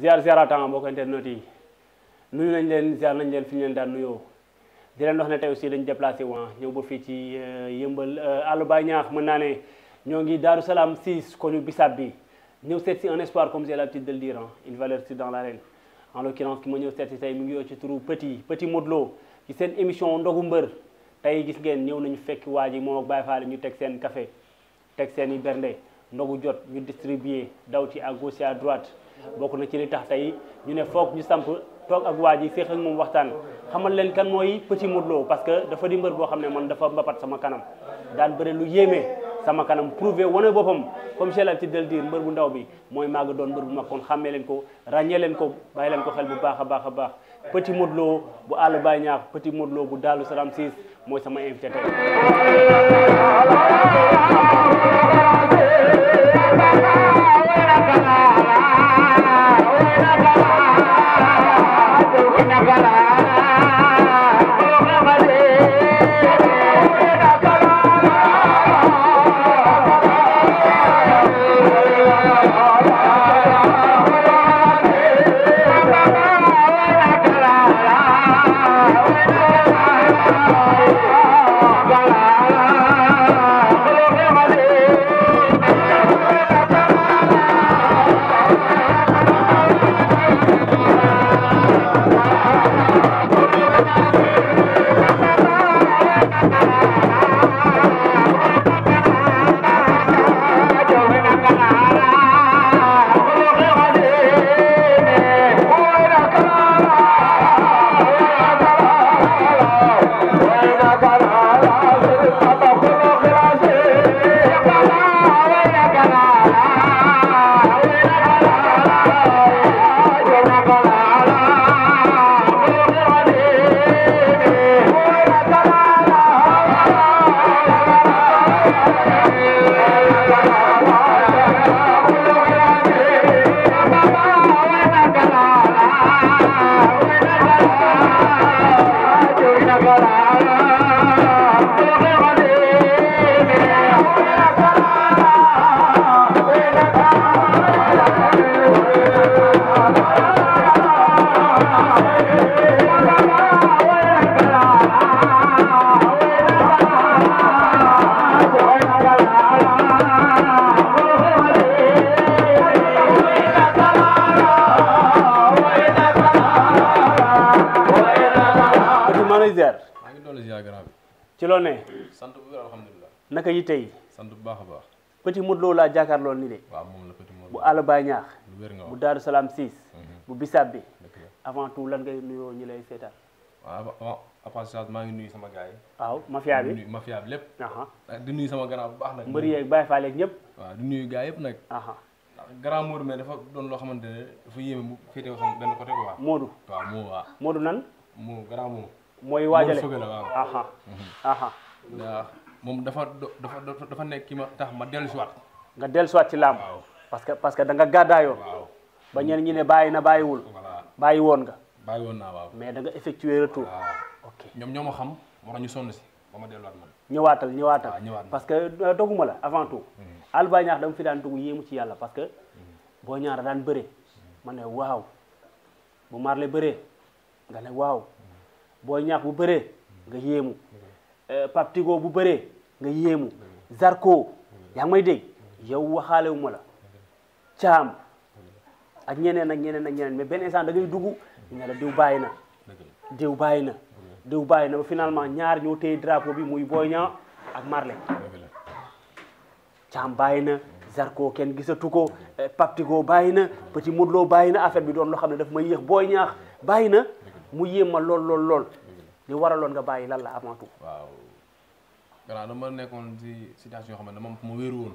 ziar ziaratan mbokk internet yi nuyu nañ leen ziar nañ leen Nous leen daan di wax aussi déplacer wa ah, été fi ci euh, yëmbal euh, ñaax mën été Nous 6 été bi Nous avons un espoir comme j'ai la de le ah, une valeur sur dans l'arène en l'occurrence ki ma ñëw seet mu ngi petit petit modlo ci émission ndogu mbeur tay gis ngeen ñew nañ fekk en mo café ndogu jot ñu distribuer daw ci à gauche à droite bokk na ci li tax tey ñu ne foog ñu samp toog ak waa ji feex ak moom waxtaan xamal leen kan mooy Petit Modou parce que dafa di mbër boo xam ne man dafa mbapat sama kanam daan bëre lu yéeme sama kanam prouvé wane boppam comme chel ci del dire mbër bu ndaw bi mooy maaga doon mbër bu mag kon xàmmee leen ko ràññee leen ko bàyyi leen ko xel bu baax a baax a baax Petit Modou Lo bu àll bàyyi ñaax Petit Modou Lo bu Daaru Salaam mooy sama invité Thank you. ci lool ne. sant bu naka yi tey. sant bu baax a baax. petit Modou Lo laa jàkkaarloo nii de. waaw moom la petit Modou bu àll baay ñaax. lu wér nga wax mhm. bu Daaru Salaam siis bu bisaab bi. avant tout lan ngay nuyoo ñi lay seetaan. waaw avant avant nuyu sama gars yi. waaw mafia bi lépp. Ah, di nuyu sama grand bu baax nag. mbëri yeeg Baye Fall yeeg ñëpp. waaw di nuyu gaa yëpp nag. grand Modou mais dafa doon loo xamante ne dafa yéeme mu féetewoo sama benn côté waaw Modou waaw. Modou nan. Modou grand Modou. mooy waajale aha mm-hmm. aha moom dafa dafa dafa nekk ki ma tax ma dellusiwaat nga dellusiwaat ci làmb parce que parce que da nga gàddaayoo ba ñenn ñi ne bàyyi na bàyyiwul bàyyi woon nga bàyyi woon naa waaw mais da nga effectuer retour ok ñoom ñoo ma xam moo tax ñu sonn si ba ma delluwaat man ñëwaatal ñëwaatal parce que euh, doguma la avant tout mm-hmm. Alba Niakh dama fi daan dugg yéemu ci yàlla parce que mm-hmm. boo ñaara daan bëree ma ne waaw bu Marley bëree nga ne waaw booy ñaax bu bëree nga yéemu eh, Pape Tigo bu bëree nga yéemu Zarko yaa ngi may dégg yow waxaale wu ma la caam ak ñeneen ak ñeneen a ñeneen mais benn instant da ngay dugg ñu ne la diw bàyyi na diw bàyyi na diw bàyyi na ba finalement ñaar ñoo téye drapeau bi muy Boy Niang ak Marley caam bàyyi na Zarko kenn gisatu ko eh, Pape Tigo bàyyi na Petit Modou Lo bàyyi na affaire bi doon loo xam ne daf ma yéex booy Niang bàyyi na mu yema lol lol lol li waralon nga bayyi lan la avant tout. waaw gannaaw dama nekkon ci situation yoo xam dama ma wëru won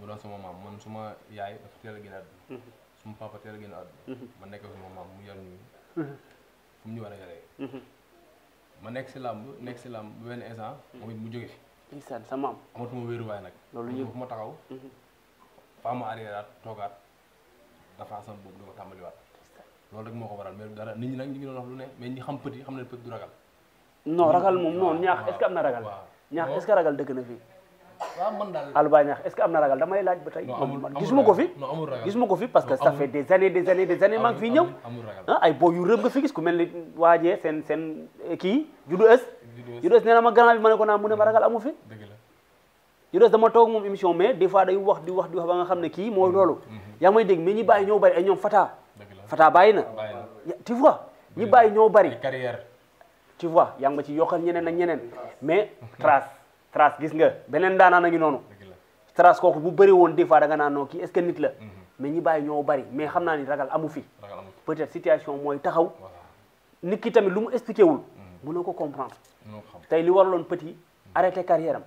mu doon sama mam man suma yaay dafa téla a génn suma papa téla a génn ma nekk suma mam mu yar ñu. fu ñu wara a ma nekk ci lamb nekk ci lamb ben instant. moom it mu joggé fi. ndeysaan mam amatu mu wëru way nak yëpp ñu ma taxaw. fa ma arrière aat dafa sam do dama wat loolu rek moo ko waral mais dara nit ñi nag ñu ngi doon wax lu ne mais ñi xam petit xam ne petit du ragal non ragal moom non ñaax est na ragal ñaax est ce que na fii waaw man daal Alba Niakh est-ce que am na ragal damay laaj ba tey gisuma ko gisuma ko fi parce que ça fait des années des années des années maa ngi fii ñëw ah ay boo yu rëb nga fi gis ku mel ni waajee seen seen eh, kii judu es judu es nee ma grand bi ma ne ko naa mu ne ma ragal amu fi judu es dama toog moom émission mais des fois day wax di wax di wax ba nga xam ne kii mooy loolu mm-hmm. yaa ngi may dégg mais ñi bàyyi Fata bàyyi na. tu vois ñi bàyyi ñoo bari. carrière tu vois yaa ngi ma ci yokkal ñeneen ak ñeneen mais trace trace gis nga beneen daanaan a ngi noonu. trace kooku bu bëri woon des fois da nga naan non kii est-ce que nit la. Mhm. mais ñi bàyyi ñoo bari mais xam naa ni ragal amu fi. peut-être situation mooy taxaw. nit ki tamit lu mu expliqué wul. Mhm. mënoo ko comprendre. tey li waraloon petit mhm. arrêté carrière am.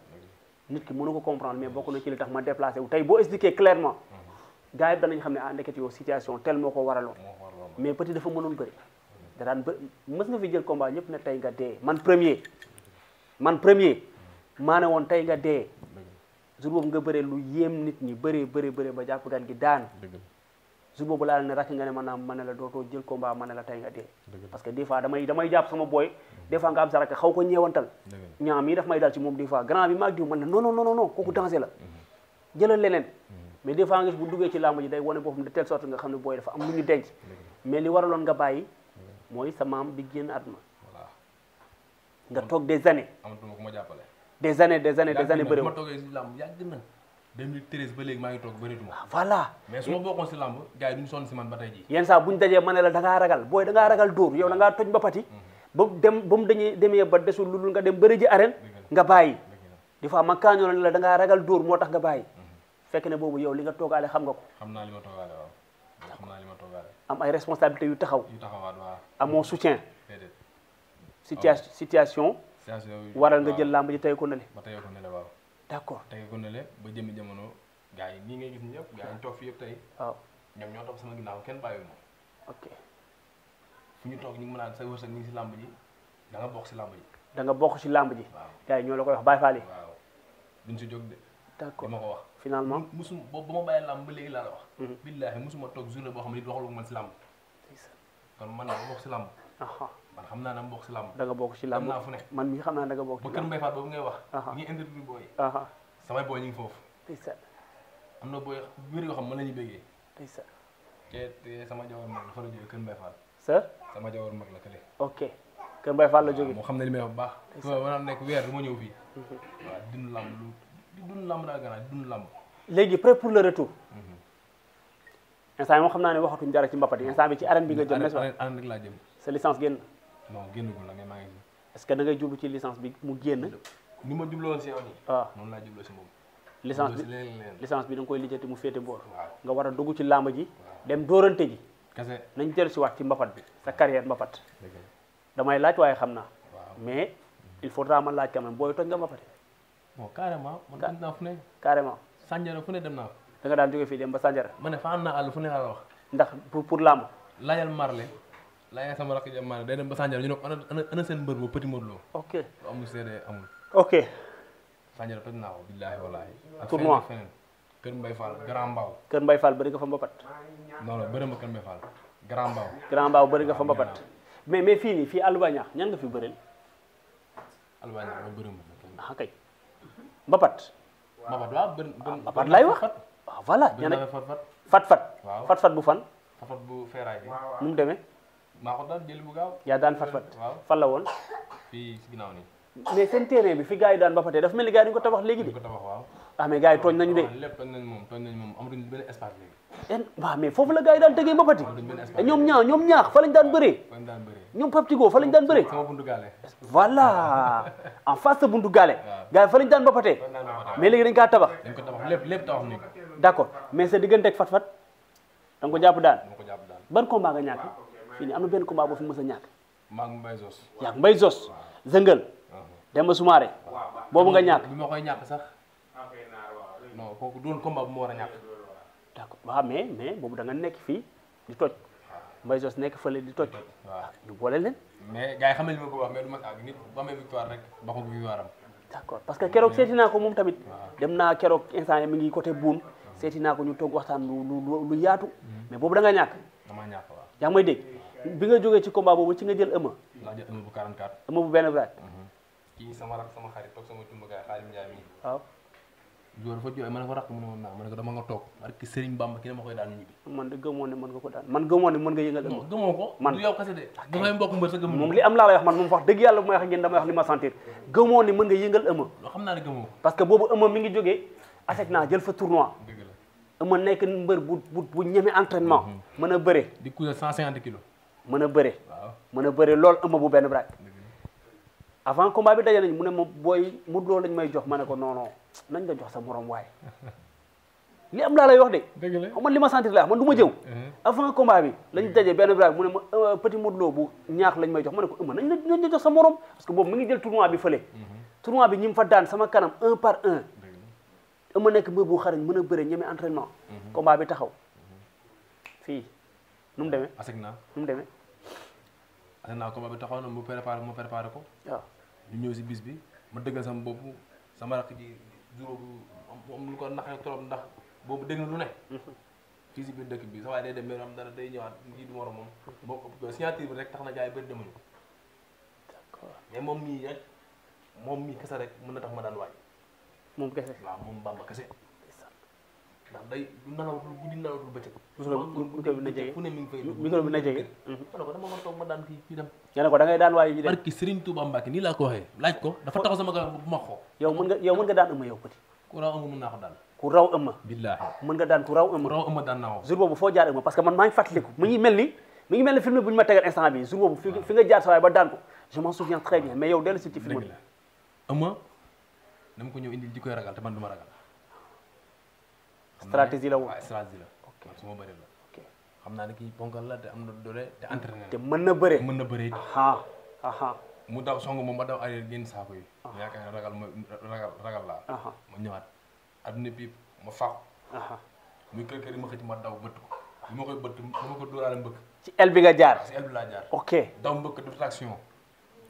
nit ki mënoo ko comprendre mais bokk na ci li tax ma déplacé wu tey boo expliqué clairement. gars yi danañ xam ne ah ndekete yow situation tel moo ko waraloon mais petit nga fi jël combat ñëpp ne tey nga dee man premier man premier maa woon tey nga dee jour nga bëree lu yéem nit ñi bëree bëree bëree ba jàpp daan gi daan jour boobu ne rakk nga ne maanaam ma ne la dootoo jël combat ma ne la tey nga dee parce que des fois damay damay jàpp sama booy des fois nga am sa rakk xaw ko ñeewantal ñaam yi daf may dal ci moom des fois grand bi maag diw man ne non non non kooku danger la jëlal leneen mais des fois nga bu duggé ci lamb ji day woné bofum de telle sorte nga xamné boy dafa am lu ñu denc mais li waralon nga bayyi moy sa mam bi génn voilà nga tok des années amatuma ku ma jàppale des années des années des années bëri ma toogee si làmb yàgg na 2013 ba légui ma ngi tok toog bërituma ah, voilà mais suma ma ci lamb gaay duñ son ci man batay ji yeen sa buñ dajé mané la da nga ragal boy da nga ragal dóor yow da nga toj ba pati mhm. bu dem bu mu dañé démé ba desul lu dul nga dem bëri ji arène nga bayyi di fa ma la da nga ragal door motax nga bàyyi fekk ne boobu yow li nga toogaale xam nga ko. xam naa li ma toogaale xam naa li ma am ay responsabilités yu taxaw. yu taxawaat waaw amoo soutien. situation situation. waral nga jël làmb ji tey ko nele. ba tey ko nele waaw. d' ba jëmi jamono gars yi nii ngay gis ñëpp gars yi toog fi yëpp tey. waaw ñoom ñoo toog sama ginnaaw kenn bàyyiwul ma. ok fu ñu toog ñu ngi mën a sa wërsëg ñu ngi si làmb ji da nga bokk si làmb ji. da nga bokk si làmb ji. waaw yi ñoo la koy wax bàyyi faale. waaw duñ si jóg de. d' ko finalement musuma boobu ba ma bàyyi làmb ba léegi laa la wax. Mhm. billaahi musuma toog journée boo xam ne nit waxaloo man si làmb. kon man naa bokk si làmb. man xam naa ne ma bokk si làmb. da nga bokk si làmb xam naa fu ne. man mii xam naa da nga bokk si làmb ba kër Mbaye Fall boobu ngay wax. ñu interview booy. samay booy ñu ngi foofu. am na booy biir yoo xam mën nañu bégee. te sama jawar mag la fa la jógee kër Mbaye Fall. sa sama jawar mag la kële. ok kër Mbaye Fall la jógee. moo xam ne li may wax bu baax. waaw war naa nekk weer du ma ñëw fii. Mhm. waaw dina làmb lu di dund làmb daal gannaaw dund làmb. léegi prêt pour le retour. instant moom xam naa ne waxatuñ dara ci mbapat yi instant bi ci arène bi nga jëm. arène arène rek sa licence génn. la ngay maa ngi est que da ngay jublu ci licence bi mu génn. ni ma jubluwoon si yow nii. waaw laa jubloo si moom. licence bi licence bi da nga koy lijjanti mu féete boor. nga war a dugg ci làmb ji. dem dóorante ji. kese nañ jël si waat ci mbapat bi sa carrière mbapat. damay laaj waaye xam naa. mais il daa ma laaj quand même booy toj nga mbapate. bon carrément man dem naa fu ne carrément sanjara fu ne dem naa da nga daan jóge fii dem ba sanjara ma fa am naa àll wax ndax pour pour layal marle layal sama rakk jam marle day dem ba sanjara ñu ne ana ana seen mbër boobu petit modlo ok lu amul seede amul ok sanjara toj naa ko billahi wallahi tournoi feneen kër mbay fall grand mbaw kër mbay fall bëri nga fa mbapat non non bëri ma mbay fall grand grand nga fa mbapat mais mais mbapat. mbapat waaw bën bën ah, mbapat laay wax. waaw ah, voilà ñu ne fat fat. waaw fat fat bu fan. fat fat bu feeraay bi. nu mu demee. maa ko daan jël bu gaaw. yaa daan fat fat. waaw fan la woon. fii ginnaaw nii. mais seen terrain bi fi gars yi daan mbapatee dafa mel ni gars yi dañu ko tabax léegi de. dañu ko tabax waaw. ah mais yi tooñ nañu de. lépp mais foofu la gars yi daan tegee mbapati. ñoom ñaax ñoom ñaax fa lañu daan bëree. ñoom Pape Tigo fa lañ daan galé voilà en face buntu galé gaay fa lañ daan boppatee. mais légui dañ ka tabax. dañ ko tabax lepp lepp tabax ni d'accord mais c'est digënté ak fat-fat da ko japp daan. da ko japp daan ban combat nga ñak fii nii am anu na combat boo fi mësa a ñàkk. ngi Mbaye Zos. yaa ngi Mbaye Zos. Zëngal. Demba nga ñak bima koy ñak sax. non kooku doon combat bu mo wara a d'accord mais mais bobu da nga nekk fi di toj. Mbaye Jos nekk fële di toj. waaw ñu boole leen. mais gars yi xam nañu li ma bëgg wax mais du ma àgg nit ba amee victoire rek baxul victoire am. d' parce que keroog seeti naa ko moom tamit. dem naa keroog instant mi ngi côté buun. seeti naa ko ñu toog waxtaan lu lu lu yaatu. Mm-hmm. mais boobu da ñàkk. dama ñàkk waaw. yaa ngi may bi nga jógee ci combat boobu ci nga jël ëmma. ndax jël ëmma bu 44. ëmma bu benn braat. Mm-hmm. kii sama rak sama xarit toog sama jumbukaay Xaalim Ndiaye mii. waaw. jor fa joy man ko rakk mu ne man ko dama nga tok barki serigne bamba ki dama koy daan ñibi man de gëmoo man nga ko daan man gëmoo man nga yëngal dama gëmoko man du yow kase de dangay mbokk mbeur sa gëm mom li am la lay wax man mu wax deug yalla bu may wax ngeen dama wax li ma sentir gëmoo man nga yëngal ëmb lo xamna ni gëmoko parce que bobu ëmb mi ngi joggé asset na jël fa tournoi ëmb nekk mbeur bu bu bu ñëmi entraînement mëna bëré di couler 150 kg mëna bëré waaw mëna bëré lool ëmb bu benn braak avant combat bi dajé nañ mu ne mo boy mu do lañ may jox mané ko non non nañ la jox sa morom waaye li am laa lay wax de. dëgg man li ma sentir laa man du ma jëw. Mhm. avant combat bi lañ mhm. daje benn bravo mu ne ma euh, petit Modou bu ñaax lañ may jox ma ne ko ëmb nañ la nañ la jox sa morom parce que boobu mi ngi jël tournoi bi fële. Mhm. tournoi bi mu fa daan sama kanam par un. ëmb nekk mbir bu xarañ mën a bëre ñeme entraînement. bi taxaw fii nu mu demee. aseg naa nu mu demee. aseg naa combat bi taxaw na mu préparé mu préparé ko. waaw ñu ñëw si bis bi ma dëggal sama bopp sama rakk ji. juróom am lu ko naxee trop ndax boobu dégg na lu ne fii si biir dëkk bi sa waaye day dem mais am dara day ñëwaat ngi du moroom moom boo signature bi rek tax na gars yi bëri demuñu d'accord mais moom mii rek moom mii kese rek mën na tax ma daan waaj moom kese waa moom Bamba kese ndax day nalawatul guddi nalawatul bëccëg micro bi na jege fu ne na jege ma ne ko dama war a toog daan waaye barki Serigne Touba Mbacke nii laa ko waxee laaj ko dafa taxaw sama garab bu ma xoo yow mën nga daan ëmma yow Petit ku raw ëmma mën naa ko daan ku raw ëmma billaahi mën nga daan ku raw ëmma daan naa woo jour boobu foo jaar ëmma parce que man maa ngi fàttaliku mu ngi mel ni mu ngi mel ni film bu ñu ma tegal instant bi jour boobu fi nga jaar sa waay ba daan ko je m'en souviens très bien mais yow dellu si ci film bi ëmma dama ko ñëw indi di koy ragal te man du ma strategi la woon waaw ah, stratégie la. ok su ma Kamu la. ok xam lah, ne kii ponkal la te am na doole te entraîné na. te mën na bëree mën na bëree. mu daw ma daw yi. ragal ragal ragal aha ma ñëwaat adduna bi ma faaw. muy kër kër yi ma xëcc ma daw bëtt ko. bi ma koy bëtt ma ko dóoraale mbëkk. ci el nga jaar ci jaar. ok daw du traction.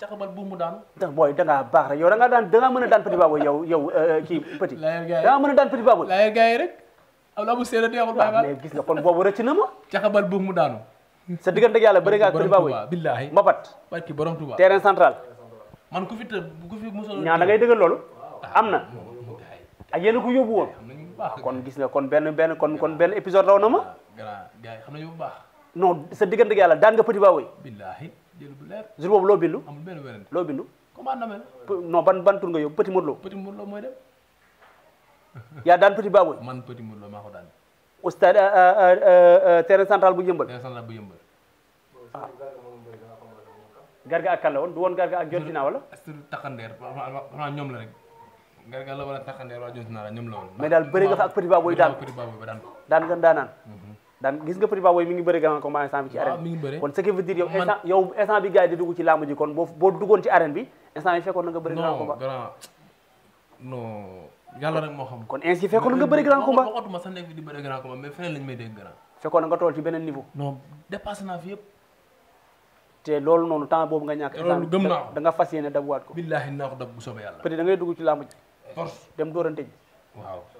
caxabal bu mu daan. ndax booy da ngaa baax rek yow da ngaa daan da ngaa mën a daan petit baaboo yow yow euh, kii petit. laayal mën a daan petit baaboo. laayal gars yi gis nga kon boobu rëcc na ma. caxabal bu mu sa diggante ak yàlla bëri ngaa petit baaboo yi. billaahi mbapat. barki borom Tuuba terrain central. man ku fi te ku fi musoon. ngay dëggal loolu. Ah, am na ak yéen a ko yóbbu woon. kon gis nga kon benn benn kon kon benn épisode raw na ma. gars xam nañu bu baax. non sa diggante ak yàlla daan nga petit baaboo yi. jël bu leer jour boobu loo bindu amul benn wérante loo bindu comment na mel non ban ban tur nga yóbbu petit Modou Lo petit Modou Lo mooy dem yaa daan petit Baboy man petit Modou Lo maa ko daan au stade euh, euh, euh, terrain central bu yëmbal terrain central bu yëmbal ah garga ak kan la woon du woon garga ak jontina wala surtout taxandeer xanaa ñoom la rek garga la wala taxandeer wala jontina la ñoom la woon mais daal bëri nga fa ak petit Baboy daan petit Baboy ba daan daan nga daanaan mhm. daan gis nga Petit Baboy mi ngi bëri grand combat instant bi ci arène bi kon bi gars yi di dugg ci làmb ji na nga bëri grand kon ainsi fekkoon na nga bëri grand combat waxatuma sax nekk di bëri grand combat mais feneen lañ may dégg te loolu noonu temps boobu nga ñàkk loolu gëm naa ko da nga fas yéene dabuwaat ko billaahi naa ko dab bu soobee yàlla peut dem dóorante ji